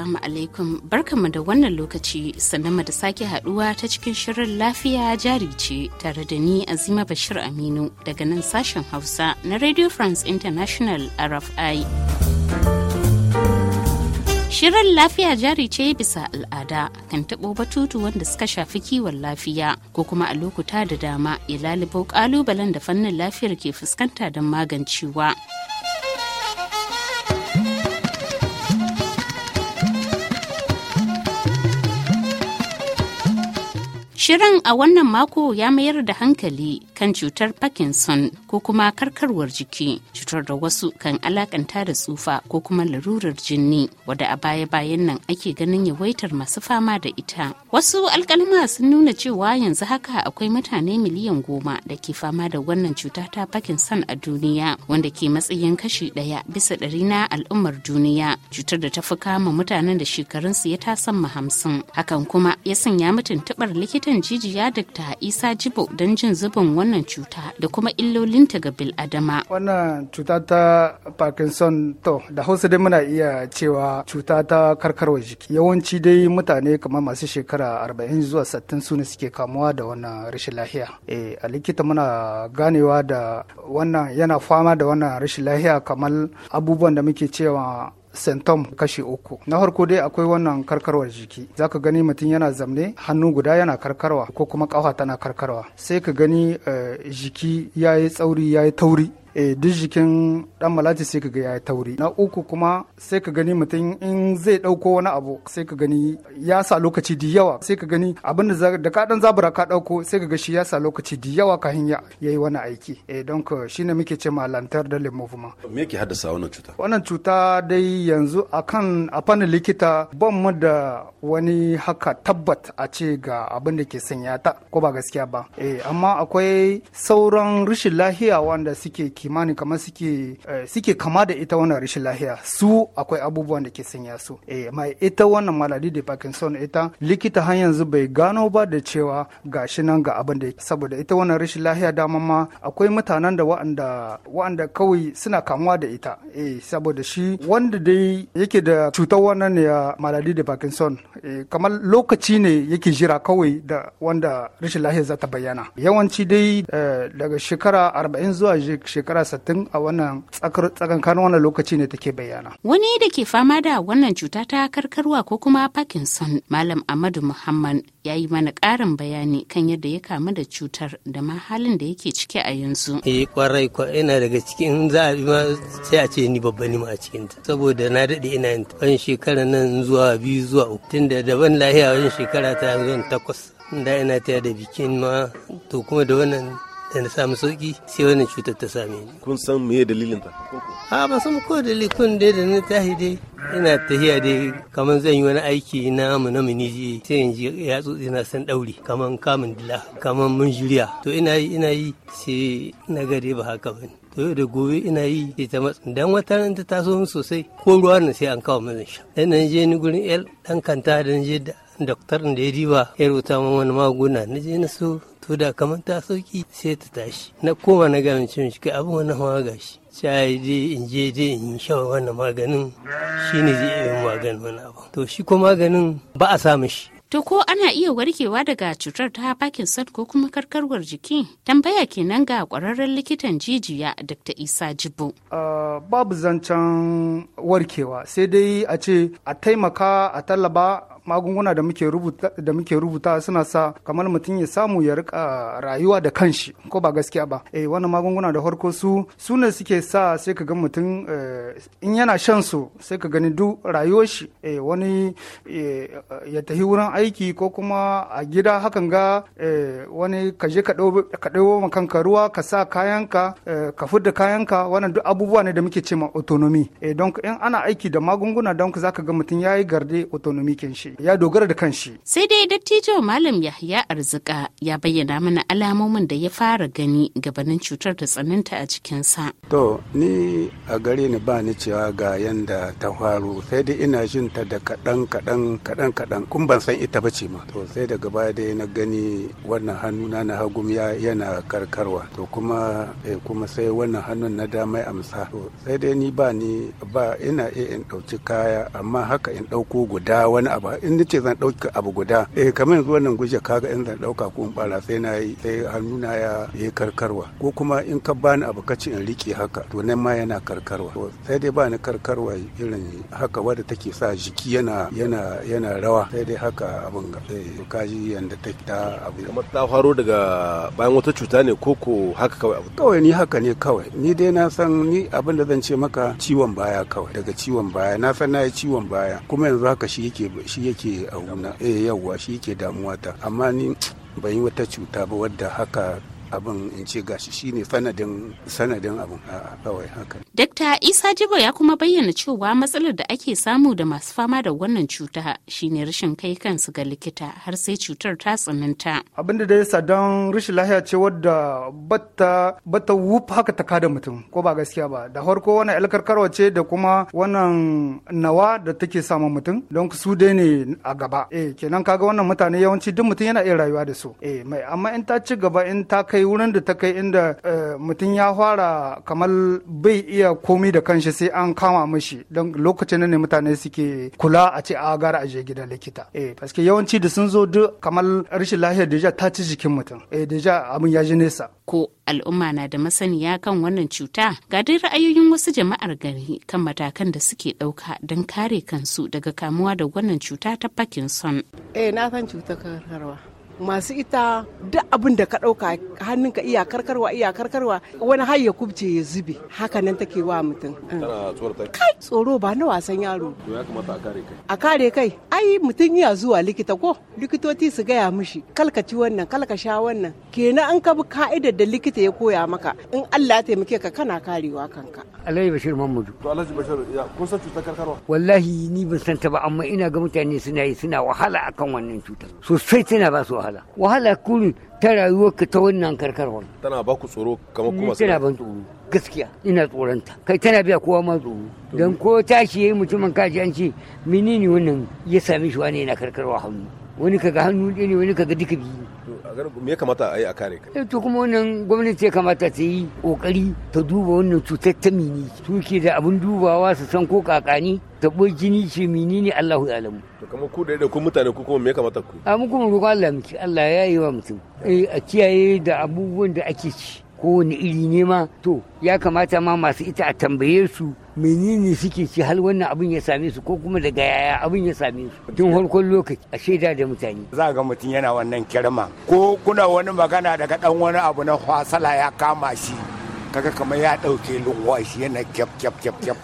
Assalamu alaikum barkanmu da wannan lokaci sannan da sake haduwa ta cikin shirin lafiya jari ce tare da ni Azima Bashir Aminu daga nan sashen Hausa na Radio France International RFI. Shirin lafiya jari ce bisa al'ada kan taɓo batutu wanda suka shafi kiwon lafiya ko kuma a lokuta da dama ya lalibo ƙalubalen da fannin lafiyar ke fuskanta don magancewa. Shirin a wannan mako ya mayar da hankali kan cutar Parkinson ko kuma karkarwar jiki, cutar da wasu kan alakanta da tsufa ko kuma larurar jini wadda a baya-bayan nan ake ganin yawaitar masu fama da ita. Wasu alkalma sun nuna cewa yanzu haka akwai mutane miliyan goma da ke fama da wannan cuta ta Parkinson a duniya wanda ke matsayin kashi ɗaya bisa ɗari na al'ummar duniya cutar da ta fi kama mutanen da shekarunsu ya ta tasan hamsin. Hakan kuma ya sanya mutum taɓar likita likitan jijiya Dr. Isa Jibo don jin zubin wannan cuta da kuma illolinta ga bil'adama. Wannan cuta ta Parkinson to da Hausa dai muna iya cewa cuta ta karkarwa jiki. Yawanci dai mutane kamar masu shekara 40 zuwa 60 su ne suke kamuwa da wannan rashin lahiya. Eh a likita muna ganewa da wannan yana fama da wannan rashin lahiya kamar abubuwan da muke cewa symptom kashi uku na farko dai akwai wannan karkarwar jiki za zaka gani mutum yana zamne hannu guda yana karkarwa ko kuma ƙafa tana karkarwa sai ka gani eh, jiki ya yi tsauri ya yi tauri e, duk jikin dan malati sai kaga ya tauri na uku kuma sai ka gani mutum in zai dauko wani abu sai ka gani ya sa lokaci da yawa sai ka gani abin da da ka zabura ka dauko sai ka ga shi ya sa lokaci da yawa kafin ya yayi wani aiki e don shine muke ce ma lantar da movement me yake haddasa wannan cuta wannan cuta dai yanzu akan a fannin likita ban mu da wani haka tabbat a ce ga abin da ke sanya ta ko ba gaskiya ba e amma akwai sauran rashin lahiya wanda suke kimanin kamar suke eh, suke kama da ita wannan rashin lahiya su akwai abubuwan da ke sanya su eh amma ita wannan maladi da Parkinson ita likita har yanzu bai gano ba da cewa gashi nan ga abin da saboda ita wannan rashin lahiya dama ma akwai mutanen da waɗanda waɗanda kawai suna kamuwa da ita eh saboda shi wanda dai yake da cutar wannan ya maladi da Parkinson eh kamar lokaci ne yake jira kawai da wanda rashin lahiya za ta bayyana yawanci dai eh, daga shekara 40 zuwa shekara shekara 60 a wannan tsakankanin wannan lokaci ne take bayyana. Wani da ke fama da wannan cuta ta karkarwa ko kuma Parkinson, Malam Ahmadu Muhammad ya yi mana ƙarin bayani kan yadda ya kamu da cutar da ma halin da yake ciki a yanzu. Eh kwarai kwa ina daga cikin za a ma sai a ce ni babba ne ma a cikin ta saboda na daɗe ina yin wani shekara nan zuwa biyu zuwa uku tunda daban lahiya wani shekara ta zuwa takwas da ina ta da bikin ma to kuma da wannan da na samu sauki sai wannan cutar ta same ni. Kun san me dalilin ta? A ba san ko dalilin dai da na tahi dai ina tahiya dai kamar zan yi wani aiki na mu na miniji sai in ji ya tsotsi na san dauri kamar kamun dila kamar mun juriya to ina yi ina yi sai na ga dai ba haka ba to yau da gobe ina yi sai ta matsa dan wata ran ta taso min sosai ko ruwa na sai an kawo min sha dan nan je ni gurin el dan kanta dan je da doktor da ya diba ya rubuta min wani maguna na je na so so da kamar ta sauki sai ta tashi na koma na gane cewa shi kai abin wannan hawa shi sai je in je in sha wannan maganin shine zai iya maganin wani abu to shi ko maganin ba a samu shi To ko ana iya warkewa daga cutar ta Parkinson ko kuma karkarwar jiki? Tambaya kenan ga kwararren likitan jijiya Dr. Isa Jibo. Ah, babu zancen warkewa sai dai a ce a taimaka a tallaba magunguna da muke rubuta da muke rubuta suna sa kamar mutum ya samu ya rika rayuwa da kanshi ko ba gaskiya ba eh wannan magunguna da harko su su ne suke sa sai ka ga mutum eh, in yana shan su sai ka gani duk rayuwar shi eh wani eh, ya tafi wurin aiki ko kuma a gida hakan ga eh, wani ka je ka dawo ma kanka ruwa ka sa kayanka ka fudda kayanka wannan duk abubuwa ne da muke ce ma autonomy eh don in ana aiki da magunguna don za ka ga mutum yayi yi garde autonomy kin shi ya dogara da kanshi. Sai dai dattijo Malam Yahya Arzika ya bayyana mana alamomin da ya fara gani gabanin cutar da tsananta a cikinsa. To, ni a gare ni ba ni cewa ga yanda ta faru sai dai ina jin ta da kaɗan kaɗan kaɗan kaɗan kun ban san ita bace ma. To sai daga baya dai na gani wannan hannu na hagum ya yana karkarwa. To kuma eh, kuma sai wannan hannun na dama ya amsa. To sai dai ni ba ni ba ina iya in ɗauki kaya amma haka in ɗauko guda wani abu in nace zan ɗauka abu guda eh kamar yanzu wannan guje kaga in zan ɗauka ko in bara sai na yi sai hannuna ya yi karkarwa ko kuma in ka bani abu ka in rike haka to nan ma yana karkarwa sai dai bani karkarwa irin haka wadda take sa jiki yana yana yana rawa sai dai haka abin ga eh, kaji yanda take ta abu kamar ta faro daga bayan wata cuta ne ko ko haka kawai abu kawai ni haka ne kawai ni dai na san ni abin da zan ce maka ciwon baya kawai daga ciwon baya na san na yi ciwon baya kuma yanzu haka shi yake shi yake a wuna eh yawwa shi ke damuwa ta amma ni ban yi wata cuta ba wadda haka abin in ce gashi shine sanadin sanadin abin kawai haka. Dakta Isa Jibo ya kuma bayyana cewa matsalar da ake samu da masu fama da wannan cuta shine rashin kai kansu ga likita har sai cutar ta tsananta. Abin da dai don rashin lahiya ce wadda bata batta wuf haka ta kada mutum ko ba gaskiya ba da farko wannan alkarkarwa ce da kuma wannan nawa da take sama mutum don su dai ne a gaba eh kenan kaga wannan mutane yawanci duk mutum yana iya rayuwa da su eh mai amma in ta ci gaba in ta kai kai wurin da ta kai inda eh, mutum ya fara kamar bai iya komi da kanshi sai an kama mashi don lokacin ne mutane suke kula a ce a gara a je gidan likita eh paske yawanci da sun zo duk kamar rashin lafiyar deja ta ci jikin mutum eh deja abin ya ji nesa ko al'umma na da masaniya kan wannan cuta ga dai ra'ayoyin wasu jama'ar gari kan matakan da suke ɗauka don kare kansu daga kamuwa da wannan cuta ta Parkinson. Eh na san cutar karkarwa. masu ita duk abin da ka ɗauka hannunka iya karkarwa iya karkarwa wani har ya kubce ya zube haka nan take wa mutum mm. kai tsoro ba na wasan yaro a kare kai ai mutum iya zuwa likita ko likitoci su gaya mishi kalkaci wannan kalkasha wannan kenan an ka bi ka'idar da likita ya koya maka in Allah ya taimake ka kana karewa kanka Alhaji Bashir Mamadu. To Alhaji Bashir ya kun san cutar karkarwa? Wallahi ni ban san ta ba amma ina ga mutane suna yi suna wahala akan wannan cutar. Sosai tana ba su wahala. Wahala kurin ta rayuwarka ta wannan karkarwa. Tana ba ku tsoro kamar kuma tana ban tsoro. Gaskiya ina tsoronta. Kai tana biya kowa ma tsoro. Dan ko shi yayi mutumin kaji an ce menene wannan ya sami shi wani yana karkarwa hannu. Wani kaga hannu ɗaya ne wani kaga duka biyu. me kamata a yi a kare kai eh, to kuma wannan gwamnati ya kamata ta yi kokari ta duba wannan cutar ta mini ke da abin dubawa su san ko kakani taɓo jini ce mini ne Allahu ya alamu to kuma ku da ku mutane ku kuma me kamata ku a mu kuma roƙo Allah miki Allah ya yi wa mutum eh, a kiyaye da abubuwan da ake ci kowane iri ne ma to ya kamata ma masu ita a tambaye su menene suke ci har wannan abin ya same su ko kuma daga yaya abin ya same su tun farkon lokaci a shaida da mutane za ga mutum yana wannan kirma ko kuna wani magana daga dan wani abu na hasala ya kama shi kaga kamar ya dauke lunwashi yana kyap kyap kyap kyap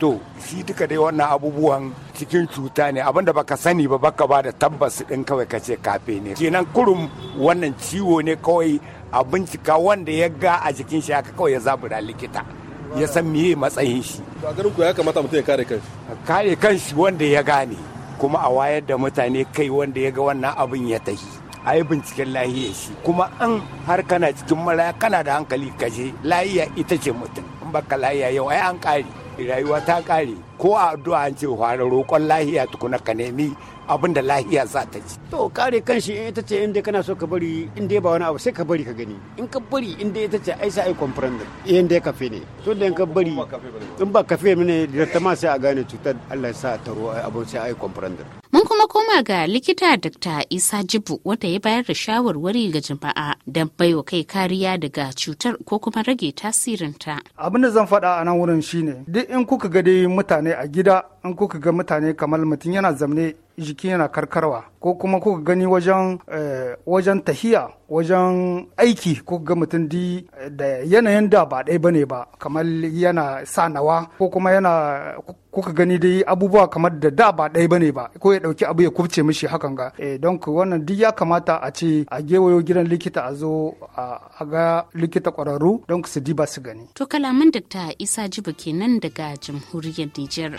to shi duka dai wannan abubuwan cikin cuta ne abinda baka sani ba baka ba da tabbas din kawai ka ce kafe ne kenan kurum wannan ciwo ne kawai a bincika wanda ya ga a jikin shi haka kawai ya zabura likita ya san meye matsayin shi to a ku ya kamata mutum ya kare kanshi kare kanshi wanda ya gane kuma a wayar da mutane kai wanda ya ga wannan abin ya tahi a yi binciken lahiya shi kuma an har kana cikin mara kana da hankali kaje lahiya ita ce mutum in baka lahiya yau ai an kare rayuwa ta kare ko a addu'a an ce fara roƙon lahiya tukuna ka nemi abin da lahiya za ta ci. To kare kanshi in ita ce inda kana so ka bari in dai ba wani abu sai ka bari ka gani in ka bari in dai ita ce ai sai ai comprendre eh, in dai kafe ne to da in ka bari in ba kafe ne ma sai a gane cutar Allah ya sa taro abu sai ai comprendre. Mun kuma koma ga likita Dr. Isa Jibu wanda ya bayar da shawarwari ga jama'a don baiwa kai kariya daga cutar ko kuma rage tasirinta. Abin da zan faɗa a nan wurin shine duk in kuka ga dai mutane a gida in kuka ga mutane kamar mutum yana zamne jiki yana karkarwa ko kuma kuka gani wajen eh, wajen tahiya wajen aiki ko ga mutum di eh, da yanayin da ba ɗaya bane ba kamar yana sa nawa ko kuma yana kuka gani dai abubuwa kamar da da ba ɗaya bane ba ko ya ɗauki abu ya kubce mishi hakan ga eh don wannan duk ya kamata a ce a gewayo gidan likita a zo a ga likita kwararru don su diba su gani to kalaman dakta isa jibu kenan daga jamhuriyar Nijar.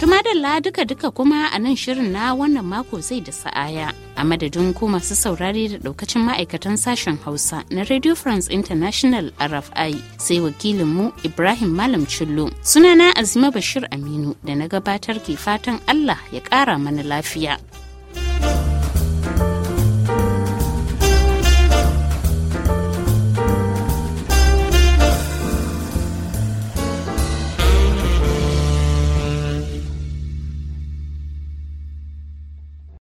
tuma Tumadalla duka-duka kuma a nan shirin na wannan mako zai da sa'aya. A madadin ku masu saurari da daukacin ma'aikatan sashen Hausa na Radio France International RFI sai wakilin mu Ibrahim Malam Cillo. Sunana Azima Bashir Aminu da na gabatar ke fatan Allah ya kara mana lafiya.